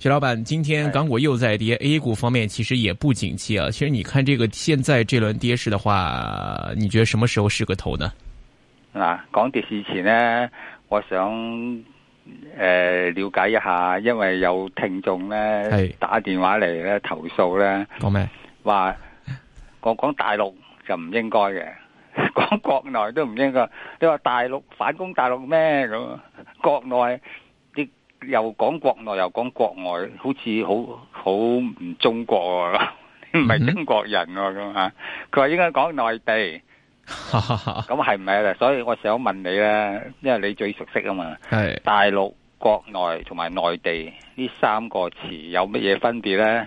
徐老板，今天港股又在跌，A 股方面其實也不景氣啊。的其實你看這個現在這輪跌市的話，你覺得什麼時候是個頭呢？啊講跌市前呢，我想誒、呃、了解一下，因為有聽眾咧的打電話嚟咧投訴咧，講咩？話我講大陸就唔應該嘅，講國內都唔應該。你話大陸反攻大陸咩咁？國內？又講國內又講國外，好似好好唔中國啊，唔係英國人啊咁佢話應該講內地，咁係唔係咧？所以我想問你咧，因為你最熟悉啊嘛，是大陸國內同埋內地呢三個詞有乜嘢分別咧？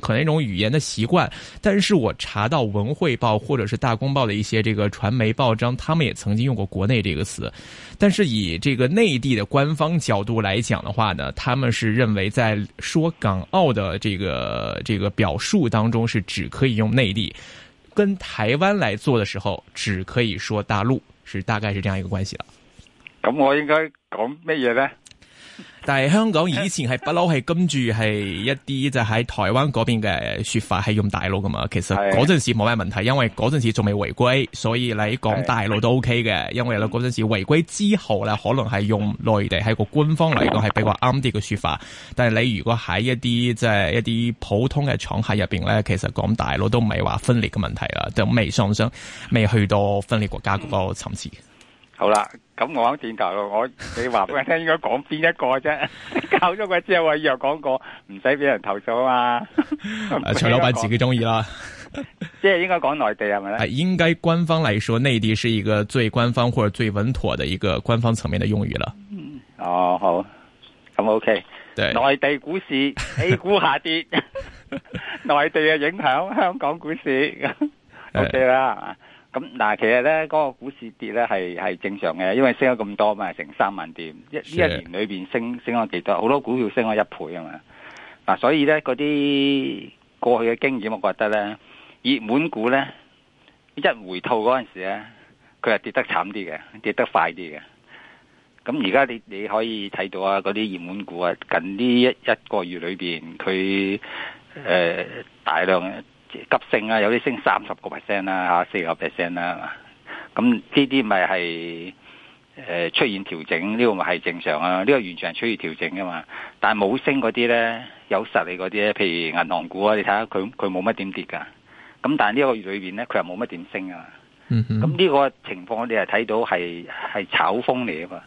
可能一種語言的習慣，但是我查到文匯報或者是大公報的一些這個傳媒報章，他們也曾經用過“國內”這個詞，但是以這個內地的官方角度來講的話呢，他們是認為在說港澳的這個這個表述當中是只可以用“內地”，跟台灣來做的時候只可以說“大陸”，是大概是這樣一個關係了。咁我應該講乜嘢呢？但係香港以前係不嬲，係跟住係一啲就喺台灣嗰邊嘅說法，係用大陸噶嘛。其實嗰陣時冇咩問題，因為嗰陣時仲未回歸，所以你講大陸都 OK 嘅。因為嗰陣時回歸之後咧，可能係用內地係一個官方嚟講係比較啱啲嘅說法。但係你如果喺一啲即係一啲普通嘅廠喺入邊咧，其實講大陸都唔係話分裂嘅問題啦，就未上升、未去到分裂國家嗰個層次。好啦。咁我講轉頭咯，我你話俾我聽應該講邊一個啫？ 搞咗個之後，我以後講過唔使俾人投訴啊嘛。徐、 啊、老闆自己中意啦？即係應該講內地係咪咧？應該官方嚟說，內地是一個最官方或者最穩妥嘅一個官方層面嘅用語啦。哦，好，咁、嗯、OK，對，內地股市 A 股下跌， 內地嘅影響香港股市 OK 啦了。哎咁嗱，其實咧，嗰、那個股市跌咧係係正常嘅，因為升咗咁多嘛，成三萬點，一呢的一年裏邊升升咗幾多，好多股票升咗一倍啊嘛。嗱，所以咧，嗰啲過去嘅經驗，我覺得咧，熱門股咧一回吐嗰陣時咧，佢係跌得慘啲嘅，跌得快啲嘅。咁而家你你可以睇到啊，嗰啲熱門股啊，近呢一一個月裏邊，佢誒、呃、大量。急升啊，有啲升三十個 percent 啦，吓四十個 percent 啦，咁呢啲咪係誒出現調整，呢個咪係正常啊？呢個完全係出現調整噶嘛？但係冇升嗰啲咧，有實力嗰啲咧，譬如銀行股啊，你睇下佢佢冇乜點跌噶，咁但係呢、嗯、哼個月裏邊咧，佢又冇乜點升啊，咁呢個情況我哋係睇到係係炒風嚟啊嘛？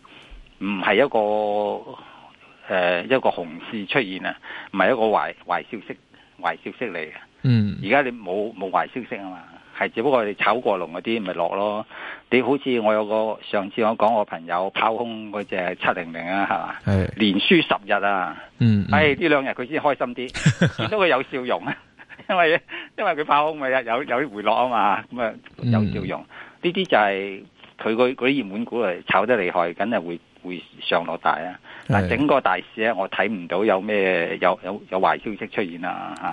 唔係一個誒一個熊市出現啊，唔係一個壞壞消息壞消息嚟嘅。嗯，而家你冇冇壞消息啊嘛？係只不過你炒過龍嗰啲咪落咯。你好似我有個上次我講我朋友拋空嗰隻七零零啊，係嘛是？係連輸十日啊。嗯，嗯，哎呢兩日佢先開心啲，至少佢有笑容啊。因為因為佢炮空咪有有有回落啊嘛，咁啊有笑容。呢啲就係佢嗰啲熱門股嚟，炒得厲害，梗係會會上落大啊。嗱是，但整個大市咧，我睇唔到有咩有有有壞消息出現啊吓。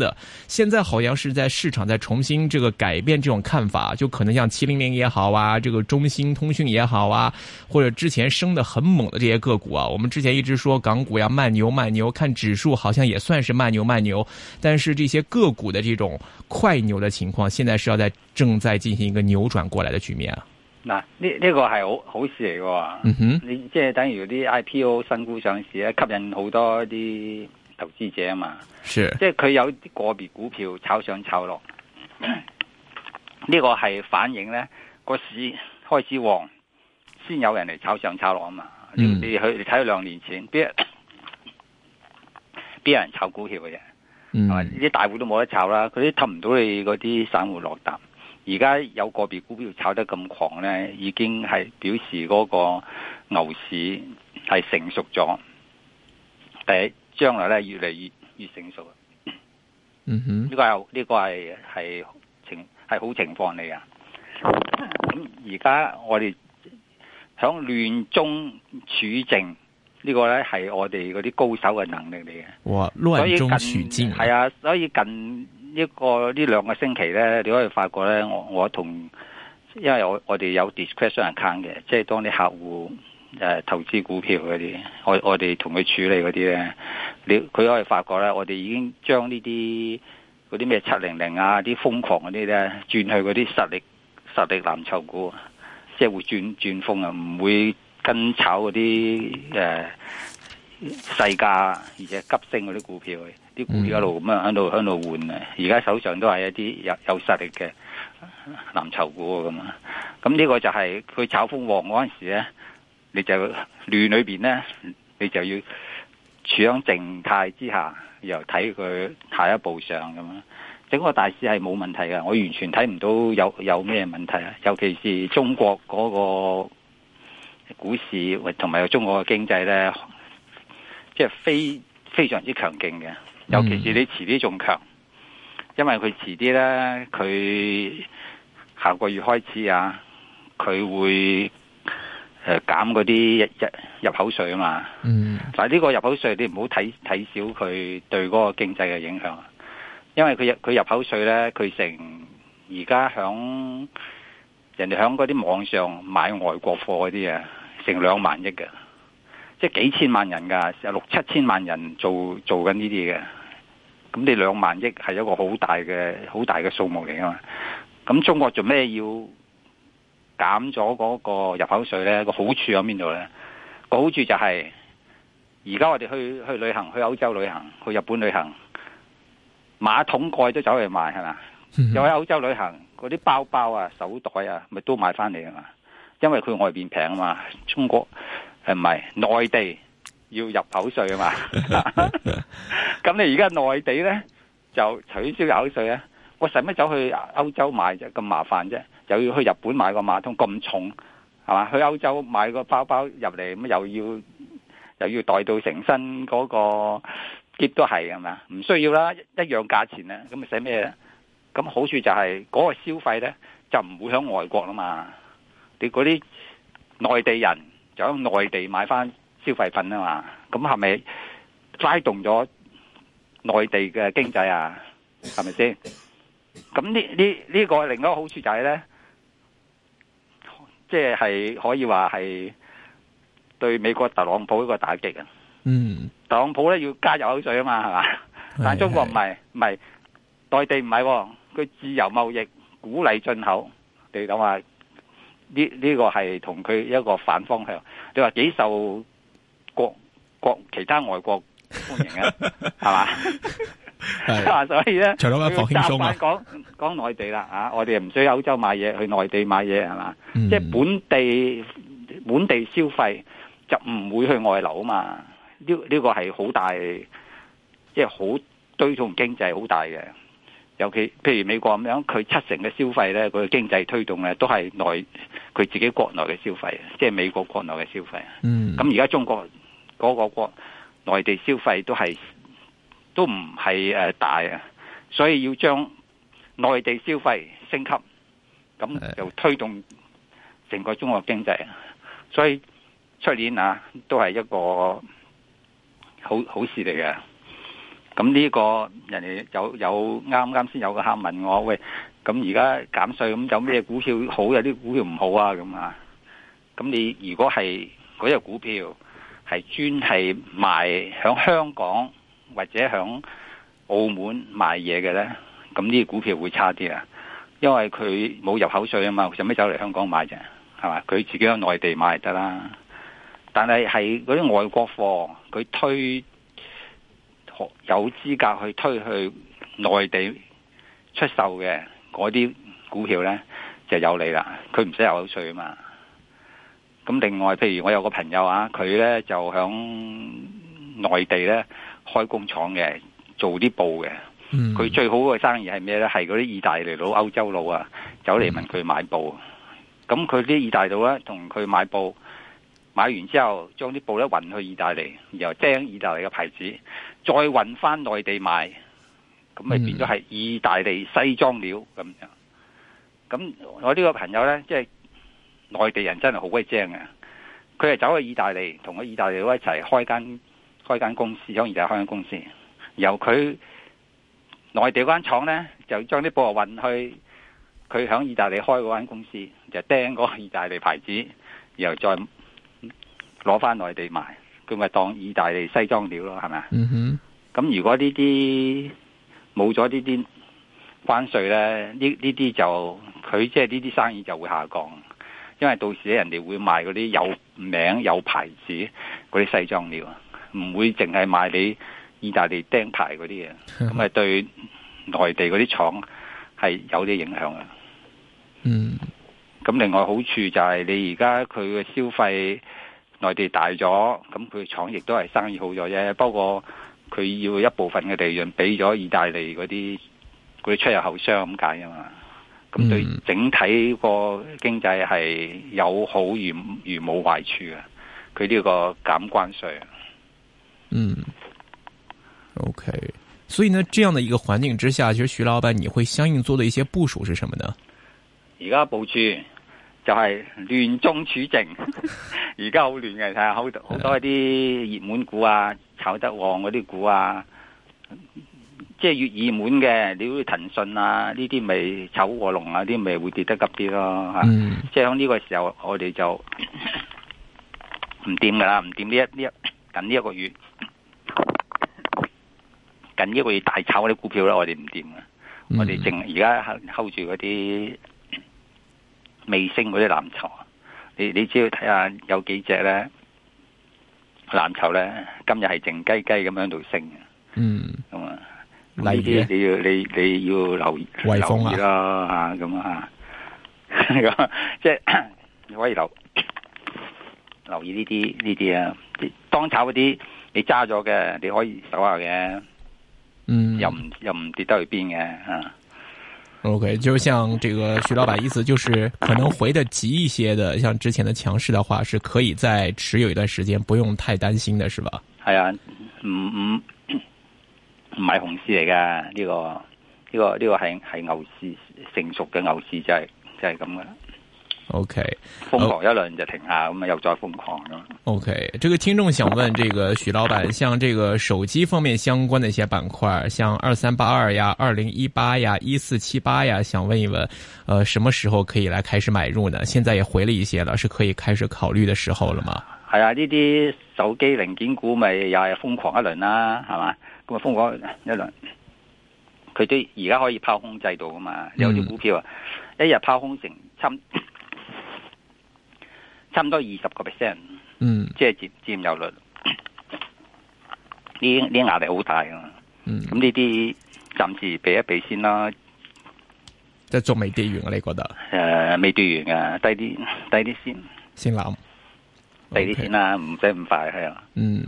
的，現在好像是在市場在重新這個改變這種看法，就可能像七零零也好啊，這個中興通訊也好啊，或者之前升得很猛的這些個股啊，我們之前一直說港股要慢牛慢牛，看指數好像也算是慢牛慢牛，但是這些個股的這種快牛的情況，現在是要在正在進行一個扭轉過來的局面啊。嗱，呢、這、呢個係好好事嚟嘅，嗯哼，你即係等於啲 IPO 新股上市啊，吸引好多啲。投資者啊嘛，Sure. 即係佢有啲個別股票炒上炒落，呢、 呢個係反映咧個市開始旺，先有人嚟炒上炒落啊嘛。Mm. 你去你睇兩年前邊，邊有人炒股票嘅啫，呢啲、mm. 大戶都冇得炒啦，佢啲氹唔到你嗰啲散戶落疊。而家有個別股票炒得咁狂咧，已經係表示嗰個牛市係成熟咗。第一將來咧越嚟越越成熟，嗯哼，呢、這個係呢、這個係係情係好情況嚟㗎！咁而家我哋響亂中處靜，呢、這個咧係我哋嗰啲高手嘅能力嚟嘅。哇，中所以近係啊，所以近呢、這個呢兩個星期咧，你可以發覺咧，我我同因為我我哋有 discretion account 嘅，即係當啲客戶。誒，投資股票嗰啲，我我哋同佢處理嗰啲咧，你佢可以發覺咧，我哋已經將呢啲嗰啲咩七零零啊，啲瘋狂嗰啲咧，轉去嗰啲實力實力藍籌股，即係會轉轉風啊，唔會跟炒嗰啲誒細價而且急升嗰啲股票，啲股票一路咁樣喺度喺度換啊，而家，嗯，手上都係一啲有有實力嘅藍籌股啊，咁啊，咁呢個就係佢炒風王嗰陣時咧。你就亂裏邊呢，你就要處喺靜態之下，然後睇佢下一步上咁咯。整個大市係冇問題嘅，我完全睇唔到有有咩問題啊。尤其是中國嗰個股市同埋中國嘅經濟呢，即係非非常之強勁嘅。尤其是你遲啲仲強，嗯、因為佢遲啲呢，佢下個月開始啊，佢會。誒，減嗰啲入入口稅啊嘛，嗯，但係呢個入口稅你唔好睇睇少佢，對嗰個經濟嘅影響，因為佢入佢入口稅咧，佢成而家響人哋響嗰啲網上買外國貨嗰啲啊，成兩萬億嘅，即係幾千萬人噶，六七千萬人做做緊呢啲嘅，咁你兩萬億係一個好大嘅好大嘅數目嚟啊嘛，咁中國做咩要？減咗嗰個入口稅咧，個好處喺邊度咧？個好處就係、是，而家我哋去去旅行，去歐洲旅行，去日本旅行，馬桶蓋都走去買。係嘛？又喺歐洲旅行，嗰啲包包啊、手袋啊，咪都買翻嚟啊嘛。因為佢外邊平啊嘛，中國係咪？內地要入口稅啊嘛？咁 你而家內地咧就取消入口稅啊。我使乜走去歐洲買啫？咁麻煩啫？又要去日本買個馬桶咁重，係嘛？去歐洲買個包包入嚟，咁又要又要帶到成身嗰個箧都係，係咪啊？唔需要啦，一樣價錢啊，咁咪使咩？咁好處就係嗰個消費咧，就唔會響外國啦嘛。你嗰啲內地人就響內地買翻消費品啊嘛，咁係咪拉動咗內地嘅經濟啊？係咪先？咁呢呢呢個另一個好處就係咧。即係可以話係對美國特朗普的一個打擊，嗯，特朗普咧，要加入口水啊嘛，係嘛，但中國唔係唔係，內是是 地唔係，哦，佢自由貿易鼓勵進口，你講話呢呢個係同佢一個反方向，你話幾受國國其他外國歡迎啊，係嘛 吧？ 啊、所以咧，講講內地啦、啊，我哋唔需要歐洲買嘢，去內地買嘢係嘛，嗯、即係本地本地消費就唔會去外流啊嘛，呢、這、呢個係好、這個、大，即係好推動經濟好大嘅，尤其譬如美國咁樣，佢七成嘅消費咧，佢經濟推動咧都係內佢自己國內嘅消費，即係美國國內嘅消費，嗯，咁而家中國嗰個國內地消費都係。都唔係、呃、大啊，所以要將內地消費升級，咁就推動成個中國經濟。所以出年啊，都係一個好好事嚟嘅。咁呢個人哋有有啱啱先有個客問我：喂，咁而家減稅咁，有咩股票好？有啲股票唔好啊？咁啊？咁你如果係嗰隻股票係專係賣響香港，或者喺澳門買嘢嘅呢，咁呢啲股票會差啲啦，因為佢冇入口稅啊嘛，做咩走嚟香港買啫？係嘛，佢自己喺內地買就得啦。但係係嗰啲外國貨，佢推有資格去推去內地出售嘅嗰啲股票呢，就有利啦。佢唔使入口稅啊嘛。咁另外，譬如我有個朋友啊，佢呢就喺內地呢。開工廠嘅，做啲布嘅，佢、嗯、最好嘅生意係咩呢？係嗰啲意大利佬、歐洲佬啊，走嚟問佢買布。咁佢啲意大利佬呢，同佢買布，買完之後將啲布呢運去意大利，然後掟意大利嘅牌子，再運翻內地賣，咁咪變咗係意大利西裝料咁、嗯、樣。咁我呢個朋友呢，即、就、係、是、內地人真係好鬼精嘅，佢係走去意大利，同個意大利佬一齊開一間。開一間公司，喺意大利開間公司，由佢內地嗰間廠呢，就將啲布運去，佢喺意大利開嗰間公司就釘嗰個意大利牌子，然後再攞翻內地賣，佢咪當意大利西裝料咯？係咪？咁、嗯、哼如果呢啲冇咗呢啲關稅呢，呢呢啲就，佢即係呢啲生意就會下降，因為到時人哋會賣嗰啲有名有牌子嗰啲西裝料。唔會淨係賣你意大利釘牌嗰啲嘢，咁咪對內地嗰啲廠係有啲影響嘅，嗯，咁另外好處就係你而家佢嘅消費內地大咗，咁佢廠亦都係生意好咗啫。不過佢要一部分嘅利潤俾咗意大利嗰啲佢出入口商咁解啊嘛。咁對整體個經濟係有好而冇壞處嘅，佢呢個減關稅。嗯，OK，所以呢，這樣的一個環境之下，其實徐老闆你會相應做的一些部署是什麼呢？而家部署就係亂中取靜，而家好亂嘅，睇下好多好多一啲熱門股啊，炒得旺啲股啊，即係越熱門嘅，你好似騰訊啊呢啲，咪炒和龍啊啲咪會跌得急啲咯，啊，吓、嗯，即係響呢個時候我哋就唔掂噶啦，唔掂呢一呢一近呢一個月。近一個月大炒嗰啲股票咧，我哋唔掂嘅。嗯、我哋淨而家 hold 住嗰啲未升嗰啲藍籌，你你只要睇下有幾隻咧藍籌咧，今日係靜雞雞咁樣度升嘅。嗯，咁啊，呢啲你要你要你，你要留意咯吓，咁啊，即係、 就是、 你可以留留意呢啲呢啲啊。當炒嗰啲你揸咗嘅，你可以守下嘅。嗯，又唔又唔跌得去邊嘅吓。啊、OK，就像這個徐老闆意思，就是可能回得急一些的，像之前的強勢的話，是可以再持有一段時間，不用太擔心的，是吧？係啊、嗯，唔唔唔係熊市嚟噶，呢、這個呢、這個呢、這個係係牛市成熟嘅牛市就係、是、就係咁噶。O K，瘋狂一輪就停下，咁啊、oh, 又再瘋狂咯。O、okay, K，這個聽眾想問，這個徐老闆， 像這個手機方面相關的一些板塊，像二三八二呀、二零一八呀、一四七八呀，想問一問，呃，什麼時候可以來開始買入呢？現在也回了一些了，是可以開始考慮的時候了嗎？係啊，呢啲手機零件股咪又係瘋狂一輪啦，係嘛？咁啊瘋狂一輪，佢都而家可以拋空制度㗎嘛？有啲股票啊，嗯、一日拋空成差差唔多二十個 percent，嗯，即係，佔佔有率，呢呢壓力好大㗎，嗯，咁呢啲暫時俾一俾先啦，即係仲未跌完啊？你覺得？誒、呃，未跌完啊，低啲低啲先先諗，低啲先啦，唔使咁快係啊。Okay 嗯，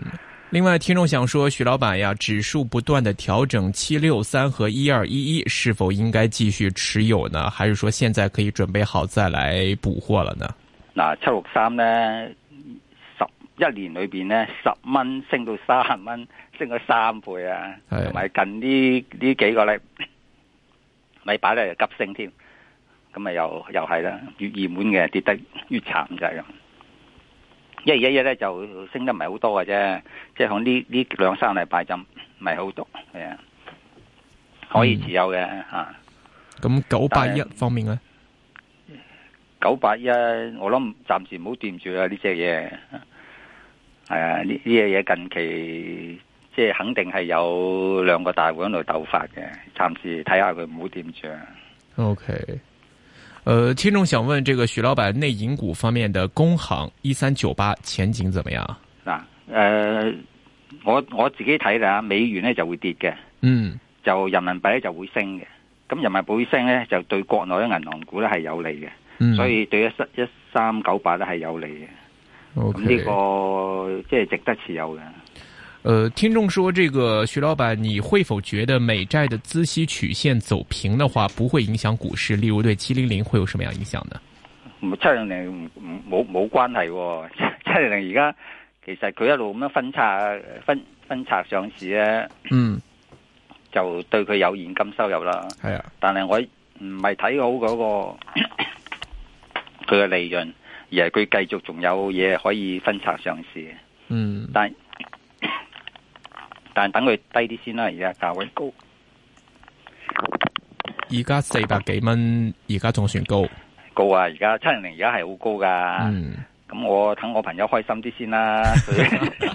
另外聽眾想說，徐老闆呀，指數不斷的調整，七六三和一二一一，是否應該繼續持有呢？還是說現在可以準備好再來補貨了呢？嗱、嗯、七六三咧十一年裏邊咧十蚊升到三十蚊，升咗三倍啊！同埋的近啲呢幾個咧禮拜咧急升添，咁、嗯、咪又又係啦，越熱門嘅跌得越慘就係。一二一一咧就升得唔係好多嘅啫，即係響呢呢兩三禮拜就唔係好毒係啊，可以持有嘅嚇。咁九八一方面咧？九八一，1, 我諗暫時唔好掂住啦，呢隻嘢，係啊，呢呢隻嘢近期即係肯定係有兩個大股喺度鬥法嘅，暫時睇下佢唔好掂住。O K，誒，聽眾、okay. 呃、想問，這個徐老闆，內銀股方面的工行一三九八前景怎麼樣？嗱、啊，誒、呃，我我自己睇啦，美元咧就會跌嘅，嗯，就人民幣咧就會升嘅，咁人民幣會升咧就對國內嘅銀行股咧係有利嘅。嗯、所以對一三九八咧係有利嘅，咁呢 Okay 個即係值得持有嘅。誒、呃，聽眾說：，這個徐老闆，你會否覺得美債的孳息曲線走平的話，不會影響股市？例如對七零零會有什麼樣的影響呢？七零零冇冇關係、哦，七零零而家其實佢一路咁樣分拆分分拆上市咧，嗯，就對佢有現金收入啦。係啊、哎呀，但係我唔係睇好、嗰個。 佢嘅利潤，而係佢繼續仲有嘢可以分拆上市。嗯，但但等佢低啲先啦，而家價位高。而家四百幾蚊，而家仲算高。高啊！而家七零零，而家係好高噶。嗯，咁我等我朋友開心啲先啦。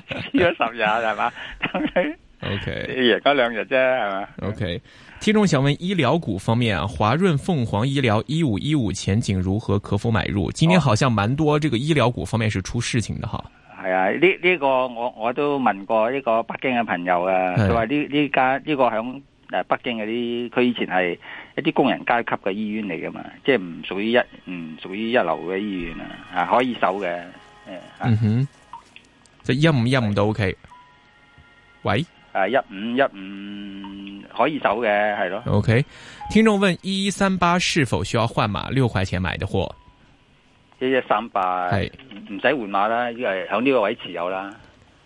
黐咗 十日係嘛，等佢。 O Okay . K，而家兩日啫，係嘛？O K，聽眾想問醫療股方面啊，華潤鳳凰醫療一五一五前景如何，可否買入？今天好像蠻多這個醫療股方面是出事情的，哈、哦。係啊，呢呢個我我都問過一個北京嘅朋友啊，佢話呢呢間呢個響誒北京嗰啲，佢以前係一啲工人階級嘅醫院嚟噶嘛，即係唔屬於一唔、嗯、屬於一流嘅醫院啊，啊可以守嘅，啊、嗯哼，即係一唔一唔到 O K，喂。是誒，一五一五可以走嘅係咯。OK，聽眾問一一三八是否需要換碼？六塊錢買的貨，一一三八，係，唔使換碼啦，因為喺呢個位持有啦，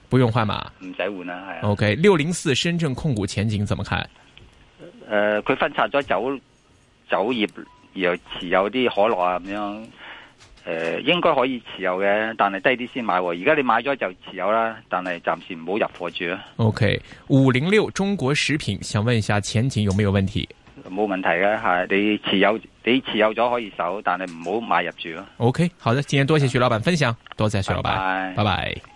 不用換碼，唔使換啦。係 OK，六零四深圳控股前景怎麼看？誒、呃，佢分拆咗酒酒業，然後持有啲可樂啊咁樣。誒、呃，應該可以持有嘅，但係低啲先買，哦。而家你買咗就持有啦，但係暫時唔好入貨住。OK，五零六中國食品，想問一下前景有沒有問題？冇問題嘅，係你持有你持有咗可以守，但係唔好買入住咯。OK，好的，今天多謝徐老闆分享，嗯、多謝徐老闆，拜拜。拜拜。